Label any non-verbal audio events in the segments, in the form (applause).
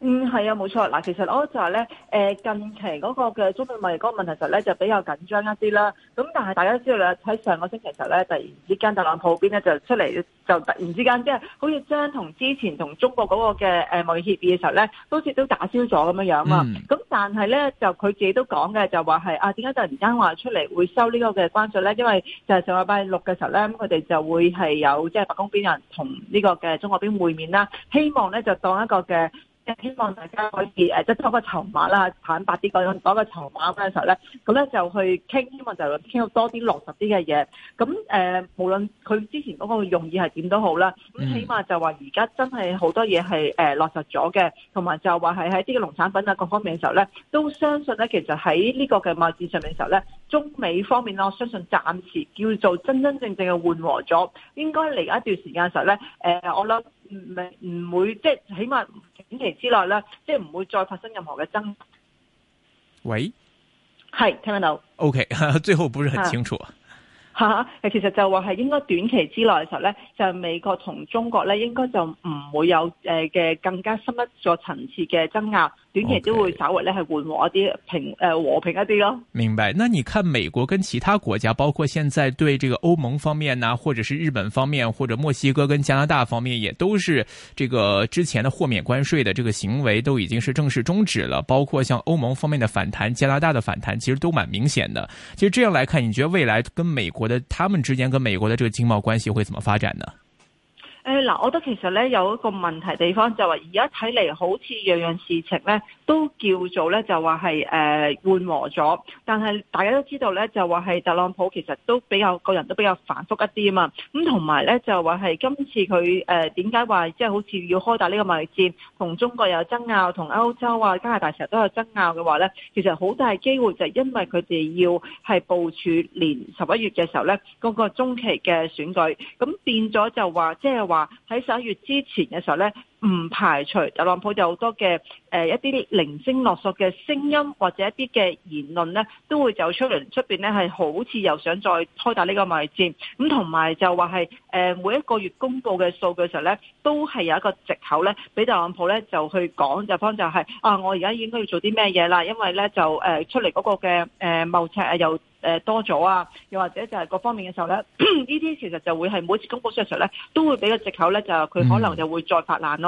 嗯，係啊，冇錯。嗱，其實我就話、是、咧，誒、呃、近期嗰個嘅中美貿易嗰個問題就咧就比較緊張一啲啦。咁但係大家知道咧，喺上個星期嘅時候咧，突然之間特朗普邊咧就出嚟，就突然之間即、就、係、是、好似將同之前同中國嗰個嘅誒貿易協議嘅時候咧，好似都打消咗咁樣的樣啊。咁、嗯、但係咧就佢自己都講嘅，就話係啊點解突然間話出嚟會收呢個嘅關稅咧？因為就係上個禮拜六嘅時候咧，咁佢哋就會係有即係、就是、白宮邊有人同呢個嘅中國邊會面啦，希望咧就當一個嘅。希望大家可以誒，即係攞個籌碼啦，坦白啲講，攞個籌碼嗰陣時候咧，咁咧就去傾，希望就傾到多啲落實啲嘅嘢。咁誒、呃，無論佢之前嗰個用意係點都好啦，咁起碼就話而家真係好多嘢係、呃、落實咗嘅，同埋就話係喺啲農產品啊各方面嘅時候咧，都相信咧，其實喺呢個嘅貿戰上面嘅時候咧，中美方面啦，我相信暫時叫做真真正正嘅緩和咗，應該嚟一段時間嘅時候咧、呃，我諗。唔唔唔會即係，起碼短期之內啦，即係唔會再發生任何嘅爭。喂，係聽得到。OK，最後不是很清楚。嚇、啊！其實就話係應該短期之內嘅時候咧，就美國同中國咧，應該就唔會有誒嘅更加深一個層次嘅爭拗。短期都會稍微咧係緩和一啲平，呃和平一啲咯。明白，那你看美國跟其他國家，包括現在對這個歐盟方面呢，啊、或者是日本方面，或者墨西哥跟加拿大方面，也都是這個之前的豁免關稅的這個行為都已經是正式終止了。包括像歐盟方面的反彈、加拿大的反彈，其實都蠻明顯的。其實這樣來看，你覺得未來跟美國的他們之間跟美國的這個經貿關係會怎麼發展呢？誒嗱、嗯，我覺得其實咧有一個問題地方就話，而家睇嚟好似樣樣事情咧都叫做咧就話係誒緩和咗。但係大家都知道咧就話係特朗普其實都比較個人都比較反覆一啲啊嘛。咁同埋咧就話係今次佢誒點解話即係好似要開打呢個貿易戰，同中國有爭拗，同歐洲啊、加拿大成日都有爭拗嘅話咧，其實好大機會就係因為佢哋要係部署年十一月嘅時候咧嗰，那個中期嘅選舉，咁變咗就話即係話。就是喺十一月之前嘅時候咧。唔排除特朗普就有好多嘅誒、呃、一啲零星落索嘅聲音，或者一啲嘅言論咧，都會走出嚟出邊咧，係好似又想再開打呢個貿易戰，咁同埋就話係誒每一個月公布嘅數據嘅時候咧，都係有一個藉口咧，俾特朗普咧就去講就方就係啊，我而家應該要做啲咩嘢啦，因為咧就誒、呃、出嚟嗰個嘅貿赤啊又誒、呃、多咗啊，又或者就係各方面嘅時候咧，呢啲其實就會係每次公布嘅時候咧，都會俾個藉口咧，就佢可能就會再發難咯。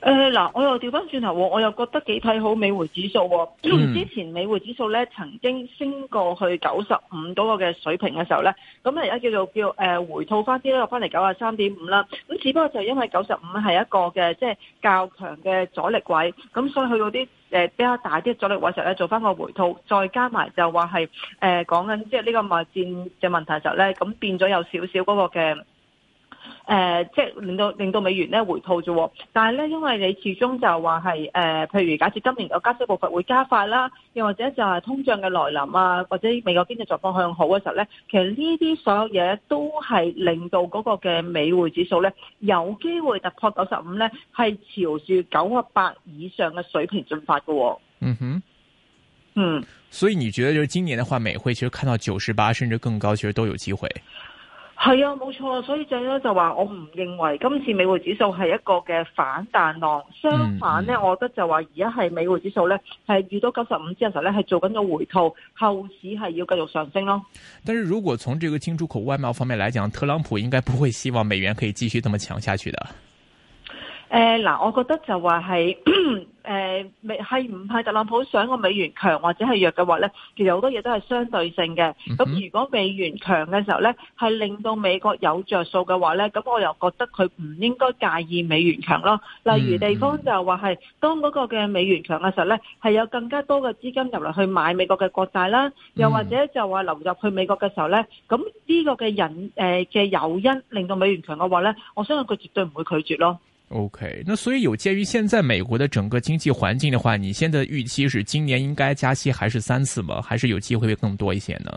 誒嗱、呃，我又調翻轉頭，我又覺得幾睇好美匯指數喎，啊。之前美匯指數咧曾經升過去九十五嗰個嘅水平嘅時候咧，咁而家叫做叫，呃、回吐翻啲返，翻嚟九啊三點五啦。咁只不過就因為九十五係一個嘅即係較強嘅阻力位，咁所以去到啲，呃、比較大啲阻力位時候咧，做翻個回吐，再加埋就話係誒講緊即係呢個物戰嘅問題時候咧，咁變咗有少少嗰個嘅。誒、呃，即係令到令到美元咧回吐啫，但係咧，因為你始終就話係誒，譬如假設今年個加息步伐會加快啦，又或者就係通脹嘅來臨啊，或者美國經濟狀況向好嘅時候咧，其實呢啲所有嘢都係令到嗰個嘅美匯指數咧有機會突破九十五咧，係朝住九啊八以上嘅水平進發嘅。嗯哼，嗯，所以你覺得就今年嘅話，美匯其實看到九十八甚至更高，其實都有機會。係啊，冇錯，所以最多就話我唔認為今次美匯指數係一個嘅反彈浪，相反呢，我覺得就話而家係美匯指數呢，係遇到九十五之後呢，係做緊個回吐，後市係要繼續上升咯。但是如果從這個進出口外貿方面來講，特朗普應該不會希望美元可以繼續這麼強下去的。誒嗱、呃，我覺得就話係誒美係唔係特朗普想個美元強或者係弱嘅話咧，其實好多嘢都係相對性嘅。咁、嗯、哼如果美元強嘅時候咧，係令到美國有著數嘅話咧，咁我又覺得佢唔應該介意美元強咯。例如地方就話係、嗯嗯、當嗰個嘅美元強嘅時候咧，係有更加多嘅資金入嚟去買美國嘅國債啦，又或者就話流入去美國嘅時候咧，咁呢個嘅人誒嘅誘因令到美元強嘅話咧，我相信佢絕對唔會拒絕咯。O.K.，那所以有鑒於現在美國的整個經濟環境的話，你現在預期是今年應該加息還是三次嗎？還是有機會會更多一些呢？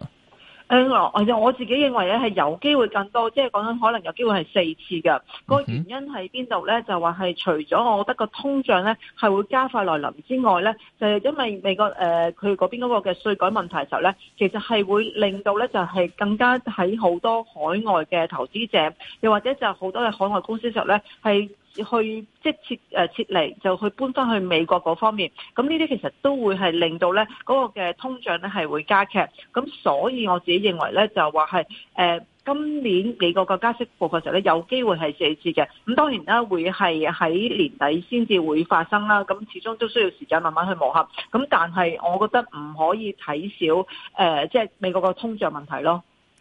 誒、嗯，我自己認為咧係有機會更多，即係講緊可能有機會係四次噶個、嗯、哼原因喺邊度呢？就話係除咗我覺得個通脹呢係會加快來臨之外呢，就係、是、因為美國誒佢嗰邊嗰個嘅稅改問題時候呢，其實係會令到呢就係更加喺好多海外嘅投資者，又或者就係好多嘅海外公司時候呢係。去即撤誒、呃、撤離，就去搬翻去美國嗰方面。咁呢啲其實都會係令到咧嗰、嗰個嘅通脹咧係會加劇。咁所以我自己認為咧就話係誒今年美國個加息步嘅時候咧有機會係四次嘅。咁當然啦，會係喺年底先至會發生啦。咁始終都需要時間慢慢去磨合。咁但係我覺得唔可以睇少誒，即、呃、係、即係、美國個通脹問題咯。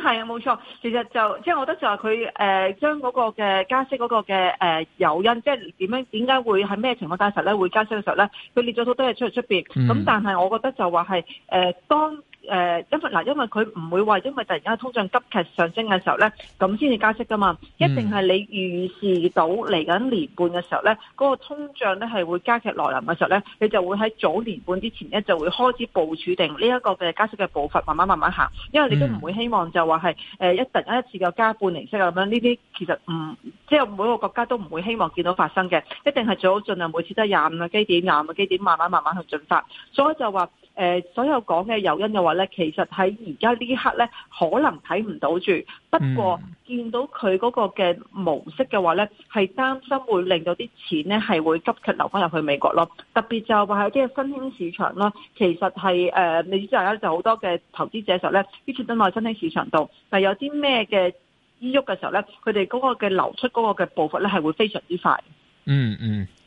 係啊，冇錯。其實就即係我覺得就係佢誒將嗰個嘅加息嗰個嘅誒誘因，即係點樣點解會喺咩情況加息咧？會加息嘅時候咧，佢列咗好多嘢出嚟出邊。咁、嗯、但係我覺得就話係誒當。誒、呃，因為嗱，因為佢唔會話，因為突然間通脹急劇上升嘅時候咧，咁先至加息㗎嘛。一定係你預示到嚟緊年半嘅時候咧，嗰、嗰個通脹咧係會加劇來臨嘅時候咧，你就會喺早年半之前咧就會開始部署定呢一個嘅加息嘅步伐，慢慢慢慢行。因為你都唔會希望就話係誒一突然間一次嘅加半釐息啊咁樣。呢啲其實唔即係每個國家都唔會希望見到發生嘅，一定係最好盡量每次得廿五個基點，廿五個基點慢慢慢慢去進發。所以就話。誒、呃、所有講嘅誘因嘅話咧，其實喺而家呢刻咧，可能睇唔到住。不過見到佢嗰個嘅模式嘅話咧，係擔心會令到啲錢咧係會急劇流返入去美國咯。特別就話喺啲嘅新興市場囉，其實係誒、呃，你知道咧就好多嘅投資者時候咧，啲錢都落喺新興市場度，但係有啲咩嘅依郁嘅時候咧，佢哋嗰個嘅流出嗰個嘅步伐咧係會非常之快。嗯嗯。嗯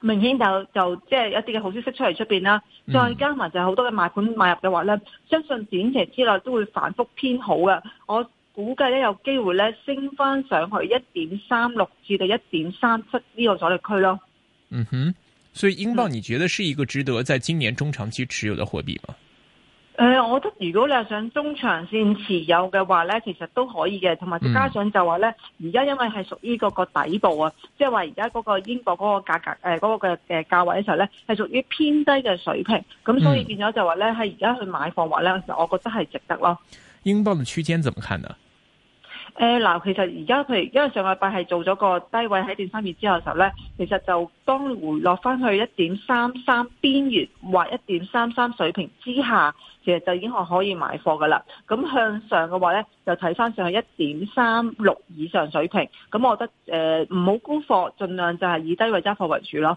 明顯就就即係一啲嘅好消息出嚟出面啦，再加埋就係好多嘅賣盤賣入嘅話咧，相信短期之內都會反覆偏好嘅。我估計咧有機會咧升翻上去一點三六至到一點三七呢個阻力區咯。嗯哼，所以英鎊你覺得是一個值得在今年中長期持有的貨幣嗎？嗯誒、呃，我覺得如果你係想中長線持有嘅話咧，其實都可以嘅，同埋再加上就話咧，而家因為係屬於嗰個底部啊，即係話而家個英國嗰個價格誒嗰，呃那個嘅誒價位嘅時候咧，係屬於偏低嘅水平，咁所以變咗就話咧喺而家去買貨話咧，其實我覺得係值得咯。英鎊嘅區間怎麼看呢？誒，嗱、呃，其實而家譬如，因為上個拜係做咗個低位喺一點三二之後嘅時候咧，其實就當回落翻去一點三三邊緣，或一點三三水平之下，其實就已經可可以買貨噶啦。咁向上嘅話咧，就睇翻上去一點三六以上水平。咁我覺得，誒唔好沽貨，儘量就係以低位揸貨為主咯。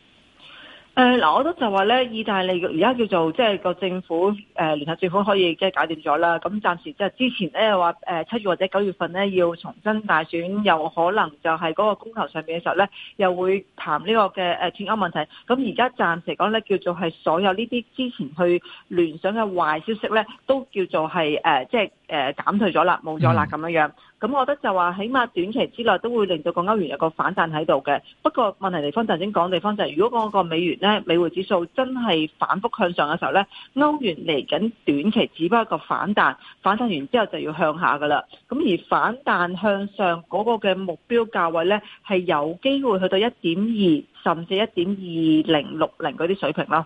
誒嗱、呃，我覺得就話咧，意大利而家叫做即係個政府誒聯、呃、合政府可以即係解決咗啦。咁暫時即係之前咧話誒七月或者九月份咧要重新大選，又可能就係嗰個公投上面嘅時候咧，又會談呢個嘅誒脫歐問題。咁而家暫時講咧叫做係所有呢啲之前去聯想嘅壞消息咧，都叫做係誒、呃、即係誒減退咗啦，冇咗啦咁樣樣。咁、嗯嗯、我覺得就話起碼短期之內都會令到個歐元有個反彈喺度嘅。不過問題、就是、地方頭先講地方就係，如果講個美元。咧美匯指數真係反覆向上嘅時候咧，歐元嚟緊短期只不過一個反彈，反彈完之後就要向下噶啦。咁而反彈向上嗰個嘅目標價位咧，係有機會去到一點二，甚至一點二零六零嗰啲水平啦。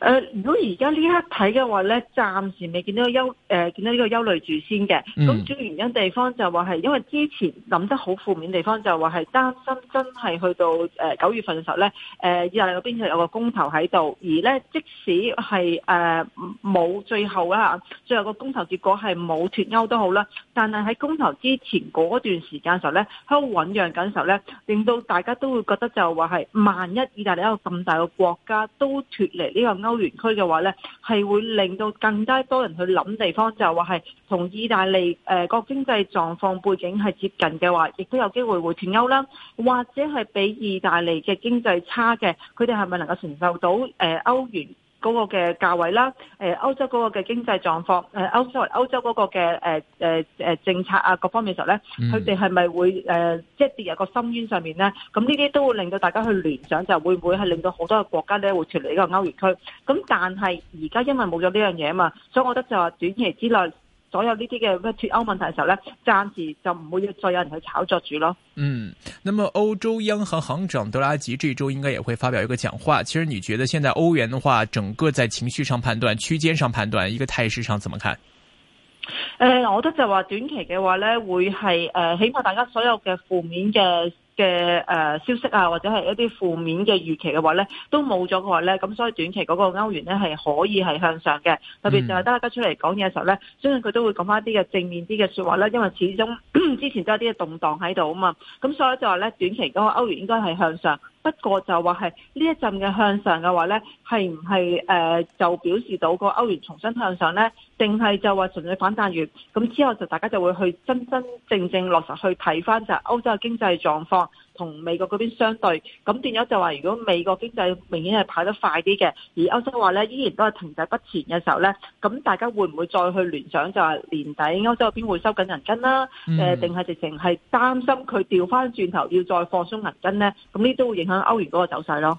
誒、呃，如果而家呢一刻睇嘅話咧，暫時未見到憂誒、呃、見到呢個憂慮住先嘅。咁主要原因地方就話係因為之前諗得好負面地方就話係擔心真係去到九月份嘅時候咧，誒、呃、意大利個邊其實有個公投喺度，而咧即使係誒冇最後啊，最後個公投結果係冇脱歐都好啦，但係喺公投之前嗰段時間時候咧，好醞釀緊時候咧，令到大家都會覺得就話係萬一意大利一個咁大嘅國家都脱離呢個歐元區嘅話咧，係會令到更加多人去諗地方，就話係同意大利誒個經濟狀況背景係接近嘅話，亦都有機會會脱歐啦，或者係比意大利嘅經濟差嘅，佢哋係咪能夠承受到誒歐元？嗰個嘅價位啦，誒歐洲嗰個嘅經濟狀況，誒歐洲歐洲嗰個嘅誒誒誒政策啊各方面時候咧，佢哋係咪會誒、呃、即係跌入個深淵上面咧？咁呢啲都會令到大家去聯想，就會唔會係令到好多嘅國家咧會脱離呢個歐元區？咁但係而家因為冇咗呢樣嘢啊嘛，所以我覺得就話短期之內。所有呢啲嘅咩脫歐問題嘅時候咧，暫時就唔會再有人去炒作住咯。嗯，那麼歐洲央行行長德拉吉這一周應該也會發表一個講話。其實你覺得現在歐元的話，整個在情緒上判斷、區間上判斷、一個態勢上怎麼看？誒、呃，我覺得就話短期嘅話咧，會係誒，呃、起碼大家所有嘅負面嘅。嘅誒、呃、消息啊，或者係一啲負面嘅預期嘅話咧，都冇咗嘅話咧，咁所以短期嗰個歐元咧係可以係向上嘅，特別就係大家出嚟講嘢嘅時候咧，相信佢都會講翻一啲嘅正面啲嘅説話啦，因為始終 (coughs) 之前都有啲嘅動盪喺度啊嘛，咁所以就話咧短期嗰個歐元應該係向上。不過就話係呢一陣嘅向上嘅話呢係唔係誒就表示到個歐元重新向上呢？定係就話純粹反彈完，咁之後就大家就會去真真正正落實去睇翻就歐洲嘅經濟狀況。同美國嗰邊相對，咁變咗就話，如果美國經濟明顯係跑得快啲嘅，而歐洲話呢依然都係停滯不前嘅時候呢，咁大家會唔會再去聯想就係年底歐洲嗰邊會收緊銀根啦、啊？定係、嗯呃、直情係擔心佢調翻轉頭要再放鬆銀根呢？咁呢都會影響歐元嗰個走勢咯。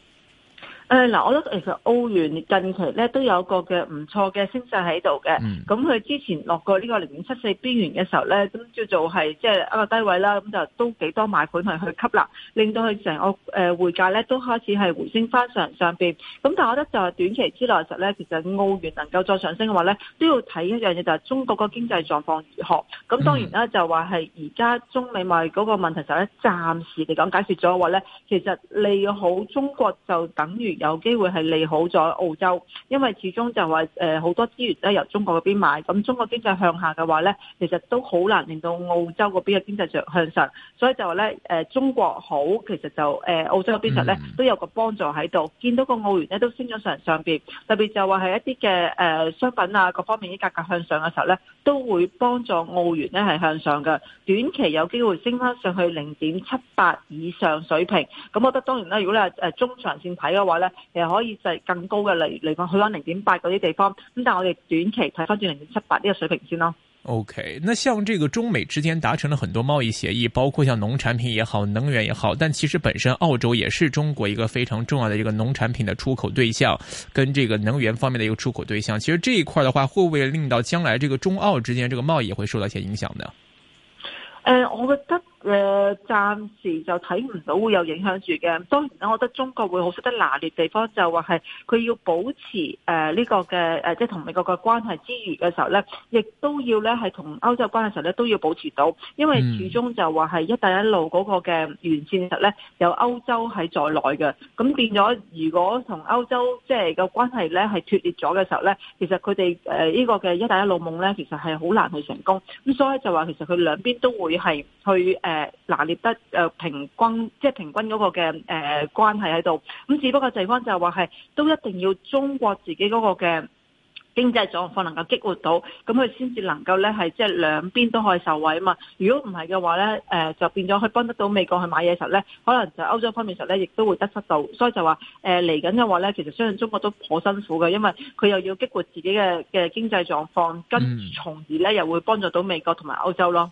誒嗱、嗯，我覺得其實澳元近期咧都有個嘅唔錯嘅升勢喺度嘅。咁佢、嗯、之前落過呢個零點七四邊緣嘅時候咧，咁叫做係即係一個低位啦。咁就都幾多買盤係去吸納，令到佢成個誒匯價咧都開始係回升翻上上邊。咁但我覺得就短期之內實咧，其實澳元能夠再上升嘅話咧，都要睇一樣嘢就係、是、中國個經濟狀況如何。咁、嗯嗯、當然啦，就話係而家中美貿易嗰個問題就係暫時嚟講解決咗嘅話咧，其實利好中國就等於，有機會係利好咗澳洲，因為始終就話誒好多資源都由中國嗰邊買，咁中國經濟向下嘅話咧，其實都好難令到澳洲嗰邊嘅經濟向上，所以就話咧、呃、中國好，其實就、呃、澳洲嗰邊實咧都有個幫助喺度。見到個澳元咧都升咗上上邊，特別就話係一啲嘅、呃、商品啊各方面啲價格向上嘅時候咧，都會幫助澳元咧係向上嘅，短期有機會升翻上去零點七八以上水平。咁我覺得當然啦，如果你係中長線睇嘅話咧，其實可以就係更高嘅，嚟嚟講，去到零點八嗰啲地方，咁但係我哋短期睇翻轉零點七八呢個水平先咯。OK，那像這個中美之間達成了很多貿易協議，包括像農產品也好、能源也好，但其實本身澳洲也是中國一個非常重要的一個農產品的出口對象，跟這個能源方面的一個出口對象。其實這一塊的話，會唔會令到將來這個中澳之間這個貿易也會受到一些影響呢？誒、呃，我覺得。誒、呃，暫時就睇唔到會有影響住嘅。當然啦，我覺得中國會好識得拿捏地方，就話係佢要保持誒呢、呃呢個嘅即係同美國嘅關係之餘嘅時候咧，亦都要咧係同歐洲嘅關係時候咧，都要保持到，因為始終就話係一帶一路嗰個嘅完善實咧，有歐洲喺在在內嘅。咁變咗，如果同歐洲即係嘅關係咧係脫裂咗嘅時候咧，其實佢哋誒呢個嘅一帶一路夢咧，其實係好難去成功。咁所以就話其實佢兩邊都會係去誒。誒，拿捏得誒平均，即係平均嗰個嘅誒、呃、關係喺度。咁只不過地方就話係，都一定要中國自己嗰個嘅經濟狀況能夠激活到，咁佢先至能夠咧係即係兩邊都可以受惠啊嘛。如果唔係嘅話咧，誒、呃、就變咗去幫得到美國去買嘢時候咧，可能就歐洲方面時候咧亦都會得失到。所以就、呃、話誒嚟緊嘅話咧，其實相信中國都頗辛苦嘅，因為佢又要激活自己嘅嘅經濟狀況，跟住從而咧又會幫助到美國同埋歐洲咯。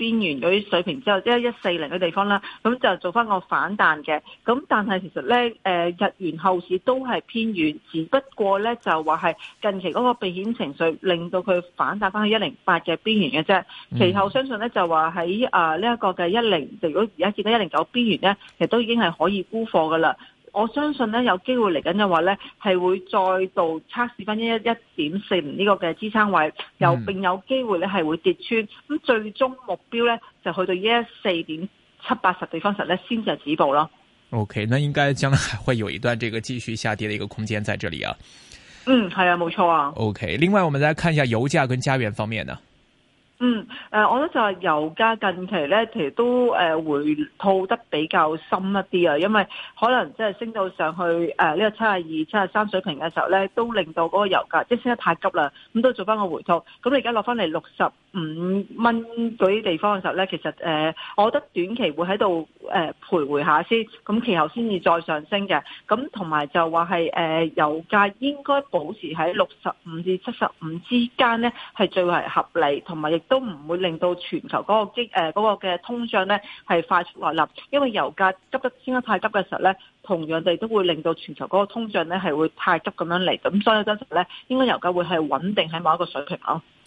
邊緣嗰啲水平之後，即係一四零嘅地方啦，咁就做翻個反彈嘅。咁但係其實咧，誒日元後市都係偏軟，只不過咧就話係近期嗰個避險情緒令到佢反彈翻去一零八嘅邊緣嘅啫。其後相信咧就話喺啊呢一個嘅一零，如果而家見到一零九邊緣咧，其實都已經係可以沽貨㗎喇。我相信咧，有機會嚟緊嘅話咧，係會再度測試翻一一點四呢個嘅支撐位，有並有機會咧係會跌穿咁，最終目標咧就去到一四點七八十地方實咧先至止步咯。OK，那應該將來會有一段這個繼續下跌嘅一個空間在這裏啊。嗯，係啊，冇錯啊。OK，另外我們再看一下油價跟加元方面呢。嗯，誒，我覺得就係油價近期咧，其實都誒回吐得比較深一啲啊，因為可能即係升到上去誒呢、呢個七十二、七十三水平嘅時候咧，都令到嗰個油價即係、即係、升得太急啦，咁都做翻個回吐。咁你而家落翻嚟六十五蚊嗰啲地方嘅時候咧，其實誒，我覺得短期會喺度，誒徘徊下先，咁其後先至再上升嘅。咁同埋就話係誒油價應該保持喺六十五至七十五之間呢，係最為合理，同埋亦都唔會令到全球嗰個經誒嗰個嘅通脹呢係快速來臨，因為油價急得升得太急嘅時候呢，同樣地都會令到全球嗰個通脹呢係會太急咁樣嚟。咁所以真實呢應該油價會係穩定喺某一個水平咯。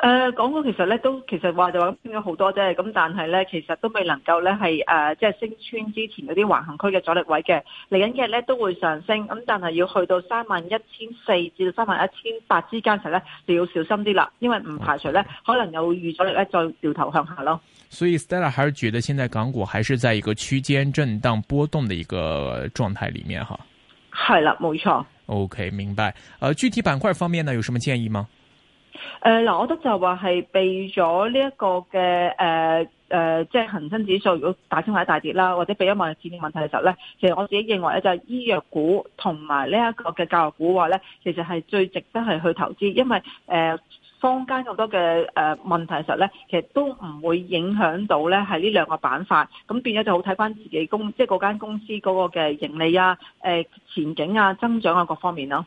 誒、呃，港股其實咧都，其實話就話升咗好多啫，咁但係咧，其實都未能夠咧係誒，即係升穿之前嗰啲橫行區嘅阻力位嘅嚟緊嘅咧都會上升，咁但係要去到三萬一千四至到三萬一千八之間時咧，就要小心啲啦，因為唔排除咧、嗯、可能有預阻力咧，再掉頭向下咯。所以 Stella 還是覺得，現在港股還是在一個區間震盪波動的一個狀態裏面，哈。係啦，冇錯。OK，明白。誒、呃，具體板塊方面呢，有什麼建議嗎？誒，嗱、呃，我覺得就話係避咗呢一個嘅，誒、呃，誒、呃，即係恒生指數如果大升或者大跌啦，或者避咗萬億資金問題嘅時候咧，其實我自己認為咧就係醫藥股同埋呢一個嘅教育股話咧，其實係最值得係去投資，因為誒坊間好多嘅誒問題嘅時候咧，其實都唔會影響到咧係呢兩個板塊，咁變咗就好睇翻自己公，即係嗰間公司嗰個嘅盈利啊，誒前景啊，增長啊各方面咯、啊。